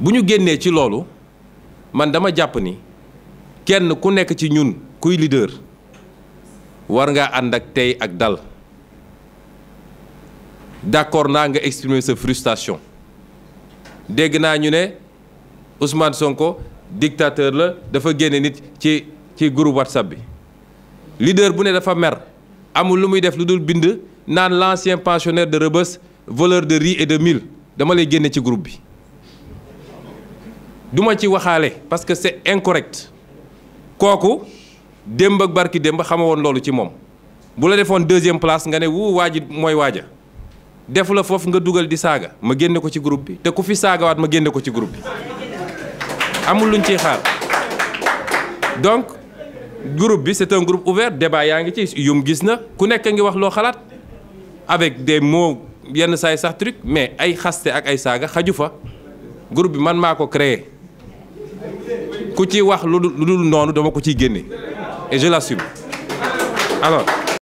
bu ñu génnee ci loolu man dama jàpp ni kenn ku nekk ci ñun kuy leader war nga ànd ak tey ak dal d'accord naa nga exprimer sa frustration dégg naa ñu ne Ousmane Sonko dictateur la dafa génne nit ci ci groupe WhatsApp bi leader bu ne dafa mer amul lu muy def lu dul bind naan l'ancien pensionnaire de Rebeuss voleur de riz et de mille dama lay génne ci groupe bi duma ma ci waxaale parce que c'est incorrect kooku démb ak barki démb xama woon loolu ci moom bu la defoon deuxième place nga ne wu waa ji mooy waaja defu la foofu nga dugal di saaga ma génne ko ci groupe bi te ku fi saagawaat ma génne ko ci groupe bi amul luñ ciy xaar donc groupe bi c'est un groupe ouvert débat yaa ngi ci yum gis na ku nekk ngi wax loo xalaat avec de moo yenn saay sax truc mais ay xaste ak ay saaga xaju fa groupe bi man maa ko créé ku ci wax lu dul noonu dama ko ciy génne et je l'assume alors